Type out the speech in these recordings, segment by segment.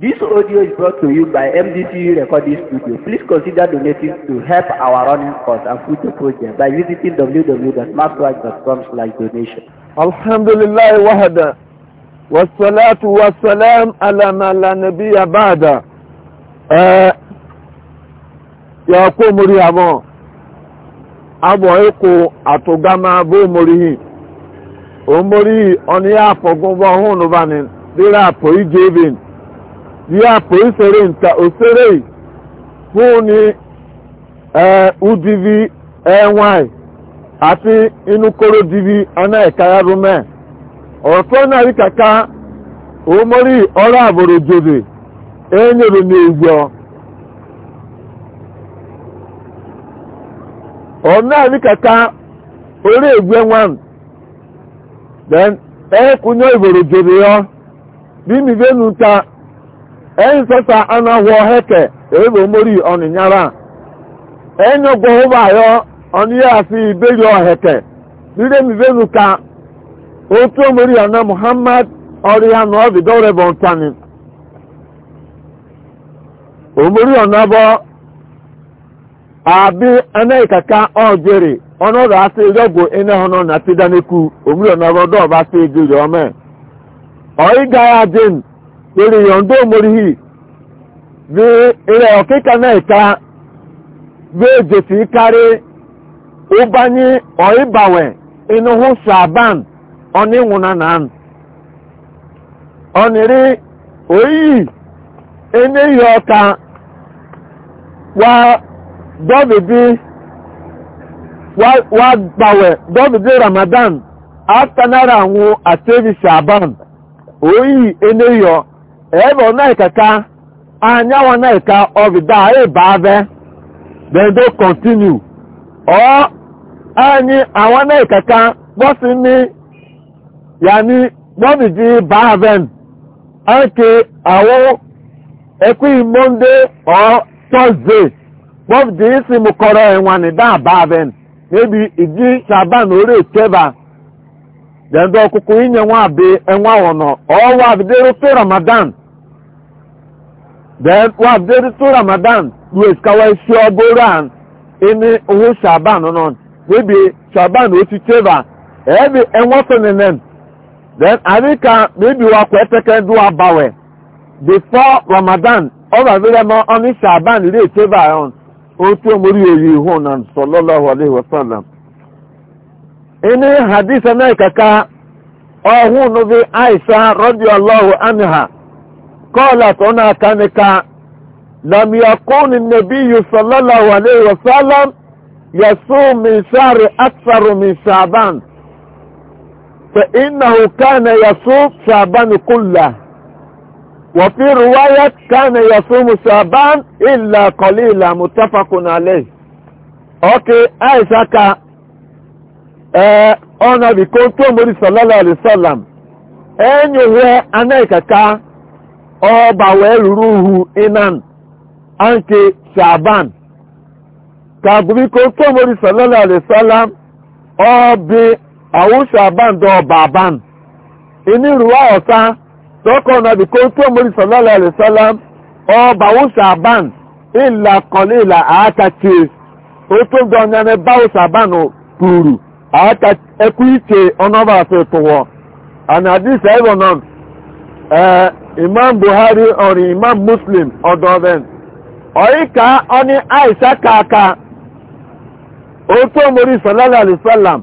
This audio is brought to you by MDCU Recording Studio. Please consider donating to help our running costs and future projects by visiting www.maxwatch.com slash donation. Alhamdulillah wahada. والصلاة والسلام على ما لا نبي بعد يا قومري أبو أبو إيكو أتوغاما أبو مريه أمري أني أفو قوة هون بانين دير أبو إيجيبين ya pụ isere nta osere fúnni udv ny ati inukoro dv anáìkayarumẹ ọ̀rọ̀ tó Otu rí kàkà òmórí ọ̀rọ̀ àbòrò jòdè ẹ̀yẹ̀rò ní then e ẹ̀yìn sọ́sà anáwọ̀ hẹ́kẹ̀ èébò mórí ọ̀nìyàrá ẹ̀yìn ọgbọ̀ ọba ayọ́ ọ̀nìyà heke. ìbéèrè ọ̀hẹ̀kẹ̀ be mìíràn ka ó tó mórí ọ̀nà muhammad ọ̀rìyànà ọ̀dìdọ́rẹ̀ bọ̀ ntani òmórí ọ̀nà bọ́ àbí ẹnẹ́ ìkàkà ọ̀jẹ̀rẹ̀ ọ̀nà ọ̀dọ̀ àti ìjọ́gbò iná ọ̀nà nàti dáníkù òmórí ọ̀nà torí yọ̀ǹdó morihi bí ilẹ̀ ọ̀kíkà mẹ́ta bí èjèsì kárí ụba ní ọ̀íbàwẹ̀ inú hù sàbán ọ̀níwùnà ọ̀nìrí oyi ẹni ihe wa dọ́bìbí wa gbàwẹ̀ dọ́bìbí ramadan aftanara àwọn sàbán oyi ẹni ebe ọ na kaka anyanwụ naghị ka ọbịda ịba e abịa then kọntinu ọ anyị àwọn naghị kaka bọ́sì ní yàní nke ekwughị isi m kọrọ ní dá bá abẹ́n maybe ìjì shaban orí ọkụkụ inye nwa abị ramadan then wa very to ramadan lu eskawa esi oboran ini owo shaban non maybe shaban o ti teva ebi enwo fenenen then arika maybe wa ko eteke do abawe before ramadan ọba abẹ́rẹ́ mọ́ ọ́ní shaban ilé teva on ohun tí ó mórí èyí na náà sọlọ́lọ́wọ́ aleyhi wa sallam ini hadith náà kàkà ọ̀hún níbi aisha anha قالت هنا كانك لم يكون النبي صلى الله عليه وسلم يصوم من شهر أكثر من شعبان فإنه كان يصوم شعبان كله وفي رواية كان يصوم شعبان إلا قليلا متفق عليه أوكي عائشة كا أنا بكون تومري صلى الله عليه وسلم أين هو أنا كا ọba wee ruru uhu inan anke shaban ka biko tomori sallallahu alaihi wasallam ọbi awu shaban dị ọbaban. ini ruwa ọta tọkọ na biko tomori sallallahu alaihi wasallam ọba awu shaban ila kọli ila aatachi Otu tó gbọ na bawu shaban kuru aata ekwu iche ọnọba asị tụwọ and adịsa nọ imam buhari ọrị imam muslim ọdọven ọyị ka ọnị aisha ka aka otu omori sallallahu alaihi wasallam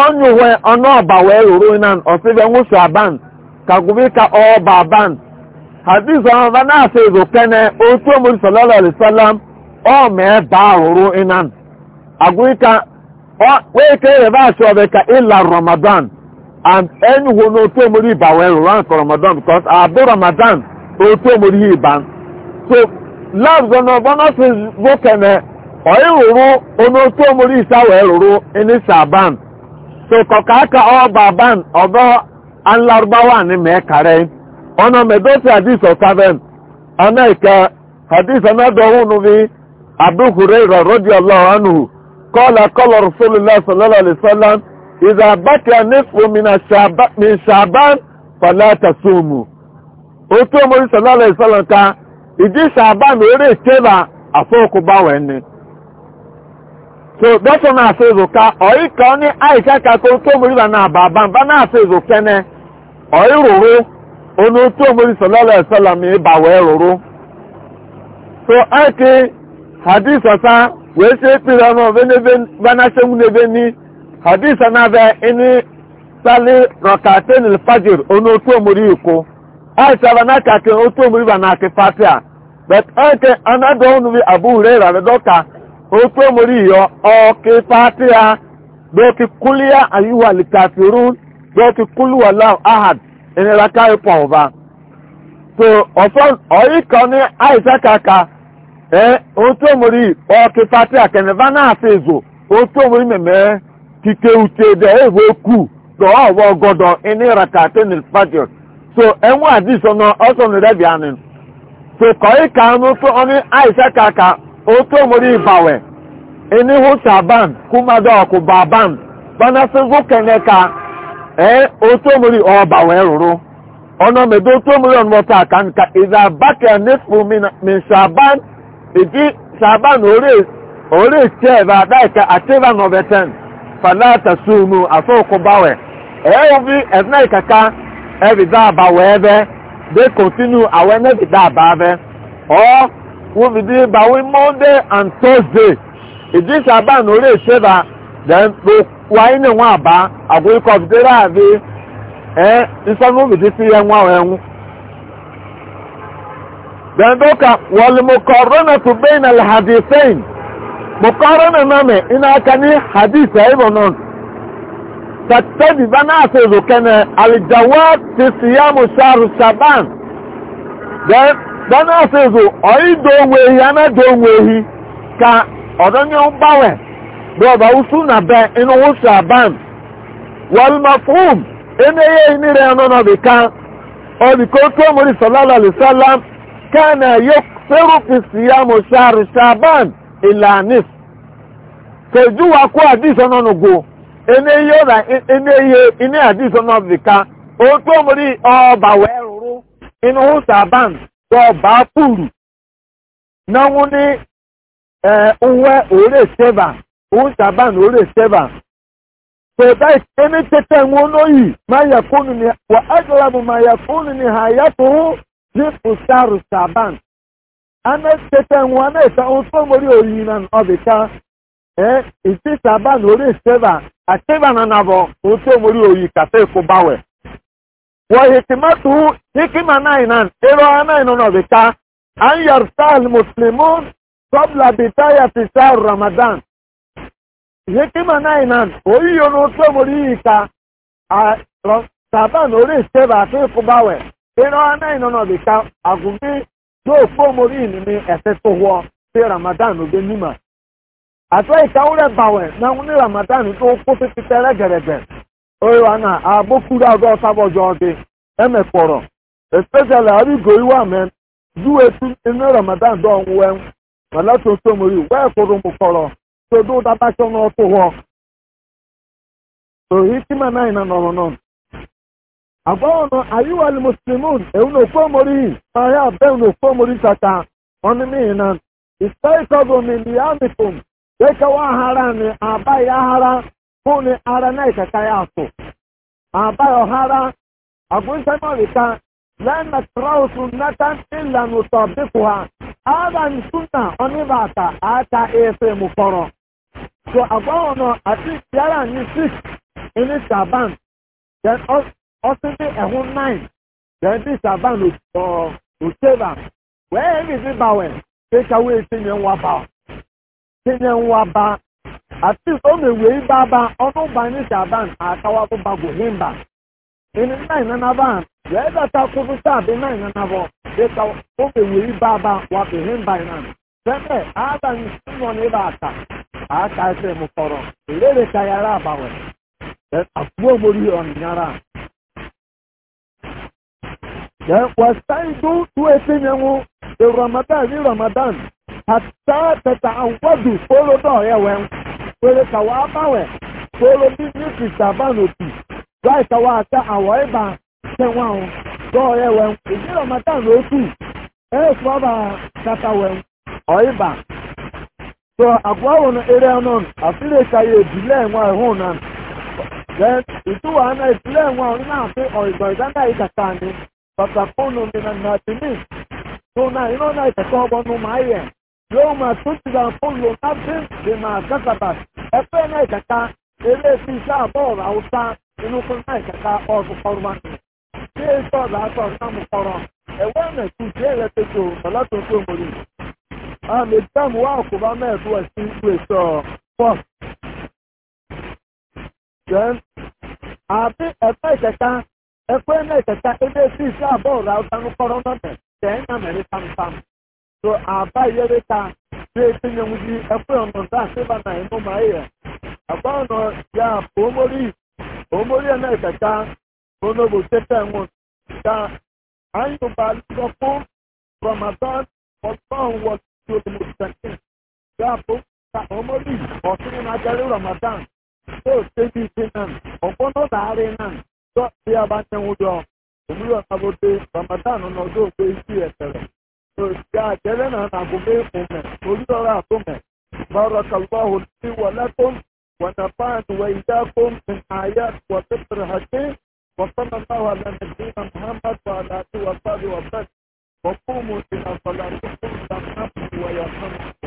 ọnyụwe ọnụ ọba wee ruru nan ọsịbe nwụsụ aban kagwubi ka ọba aban hadis ọmọba na-asị izokene otu omori sallallahu alaihi wasallam ọ mee baa ruru nan agwụika wee ka erebe asị ọbịa ka ịla ramadan and any who na otu omori iba wee rụrụ ankọ ramadan because abụ ramadan otu omori iba so labs ọnà bonuses vokene ọyị rụrụ onye otu omori isa wee rụrụ inisa ban so ọ ọba ban ọbọ anlarubawa ni mee kare ọnà medosi hadis ọsaven ọnà ike hadis ọnàdọwụ nubi abu hurayra rọdiyallahu anhu kọla kọla rasulillah sallallahu alaihi wasallam إذا بكى نصف من الشعبان من شعبان فلا تصوموا otu omori sallallahu alaihi nke ka iji shaban ere keba afoku bawe ni so dọkịta na-asụ ịzụ ka ọyị ka onye aisha ka ka otu omori ba na-aba aba mba na-asụ ịzụ kene ọyị onye otu omori sallallahu alaihi wasallam ịba wee rụrụ so aki hadis ọsa wee si ekpere ọnụ ọbụ n'ebe n'ebe ni hadith anabe ini sali rọkaten alfajir onu otu omori ikwu aisha ba na kake otu omori ba na ake fatia but eke anado onu bi abu hurera da doka otu omori yo oke fatia do ki kuliya ayuwa likafirun do ki kulu wala ahad ini raka ipo ba so ọfọn ọyí kan ní kaka ẹ eh, otu omori oke fatia kẹnẹba náà fi otu omori mẹmẹ kike uche de ewe oku do owo godo ini raka nil so enwe adisọ na ọsọ nụ dẹbi anị so ị ka anụ tụ ọnị aisha kaka otu omori ibawe ini hụ shaban ọkụ baban bana sizu kene ka ee otu omori ọba rụrụ aka ka min iji ore ore ka falata sumu asọkụ bawe ebi ẹna kaka ẹbi daba wee bẹ de continue awẹ na bi daba bẹ ọ wọ́n fi monde monday and tozdee ìdí sábà ní orí ìṣẹ́ba then ló wáyé ní wọn àbá àgbo ikọ̀ fìdíra àbí ẹ nsọ́nù wọ́n fi di sí yẹn wọn àwọn ẹ̀hún. then dọ́kà wọ́n lè mú kọ́ rọ́nà tó mukarana nami ina kani hadith ayo non tattabi na se zo kana aljawab fi siyam shahr shaban then na se zo oyi onwe we ya na do we ka odonyo bawe do ba usu na be inu shaban wal mafhum ene ye ni re ka no be omori o alisalam ko ko mo ri sallallahu alaihi fi siyam shahr shaban ilanis kejuwa kó àdìsọ náà nùgbò eléyìí ọ̀rà eléyìí iná àdìsọ ọba wee rúrú inú ọba pùrù náà wọ́n ní uwe òré sẹ́bà húsàbán òré sẹ́bà tẹ̀dá ẹni tẹ́tẹ́ wọn lóyìí máa yẹ fóònù ní ana tete nwa na esa oso mori oyi na obika eh iti saba na ori seva aseva na nabo oso mori oyi kafe ko bawe wa hikmatu hikma nainan ero ana ino na obika an yarta al muslimun qabla bitayati shahr ramadan hikma nainan oyi yo no oso mori ka a saba na ori seva kafe ko bawe ero ana ino na obika agumi doo fomori nimi ɛsɛsɛ hɔ fi ramadan obe nima atɔ ikawurɛ bawɛ na ŋuni ramadan tó kóso titɛrɛ gɛrɛgɛ oye wa na abokuru agbɔ sabɔjɔ bi ɛmɛ kɔrɔ especially ari goyi wa mɛ duwe tu inu ramadan dɔn wɛn wala tó fomori wɛɛ koro mu kɔrɔ tó do daba tsɔ n'ɔtó hɔ tó hikima náà yina nɔrɔ nɔrɔ. agbọghọ ayiwal muslimun ewuna okpomori ahịa abịa ewuna okpomori ọnụ n'ihi na istaikogo mili amikum dekawa ahara ni abaghị ahara fụni ara na ikaka ya atụ abaghị ọhara agwụntanọrịta lẹ́nà trọ́ọ̀sù natan ìlà nùtọ̀ bíkù ha ara mu so àti six sàbán ọsịsị ịhụ nnaị ga-ebi saban oteba wee ebizi bawe dịka wee tinye nwa nwaba tinye nwa nwaba atis o mewe ibe aba ọnụ ụbanye saban akawabụ bagwo himba ịnị nnaị na naban wee data kwụrụ sabi nnaị na nabọ dịka o mewe ibe aba wabụ himba na sẹ́mẹ̀ aláàbàní túnmọ̀ níbà àtà àáka ẹsẹ̀ ka kọ̀rọ̀ ìrèrè kayara àbàwẹ̀ àbúrò mórí ọ̀nìyàrá. wastaidu tuetinyenwu ramadan ramadan hatta tatawadu olodo ya we were ka wa gbanwe olo bi ni kristaban opi wai ka wa ata awo iba tenwa ahụ dọọ ya we ramadan otu efu ọba so na ere afire ka ya na then na na pàtàkùn nínú nàdìmí tó náà iná náà ìtẹ̀kọ́ ọgbọ́nú máa yẹ yóò máa tún ti dàn fún lò láti lè máa kásábà ẹgbẹ́ náà ìtẹ̀ka eré sí iṣẹ́ àbọ̀ ọ̀rọ̀ haúsá inú fún náà ìtẹ̀ka ọ̀rọ̀ kọ́rọ́ máa nìyẹn. ṣé iṣẹ́ ọ̀rọ̀ aṣọ náà mú kọ́rọ̀ ẹ̀wọ́ ọ̀nà tí ìṣe rẹ̀ ti tò ọ̀lọ́tún tó mọ̀lì. àmì ìdáàmú wa kò bá mẹ́ẹ̀dú ẹ̀ sí ìlú ètò pọ̀. àbí ẹgbẹ́ ìtẹ̀ka ekwe na-eteta ebe esi isi abụọ rauta nụkọrọ nọte tee na mere tamtam so aba yere ka na-etinye nwuzi ekwe ọnọdụ asịba na ịmụ ma ihe agba ọnọ ya omori omori ya na-eteta onobo tete nwụ ka anyị ụba lọkụ ramadan ọgbọn wọtụ omori ya bụ ka omori ọtụrụ na-agarị ramadan so tebi isi na ọgbọnọ na-arị na tó bí a bá ní ìwúdọ òmùlò àgọdé Ramadan ọ̀nà ọdún òfé sí ẹ̀tẹ̀rẹ̀ òṣìṣẹ́ àjẹlẹ̀ náà nàgòmé òmẹ̀ orílọ̀rọ̀ àtòmẹ̀ barakallahu li wa lakum wa nafa'ani wa iyyakum min ayat wa dhikr hakim wa sallallahu ala nabiyyina Muhammad wa ala alihi wa sahbihi wa sallam wa qumu ila salatikum yarhamkum wa yarhamkum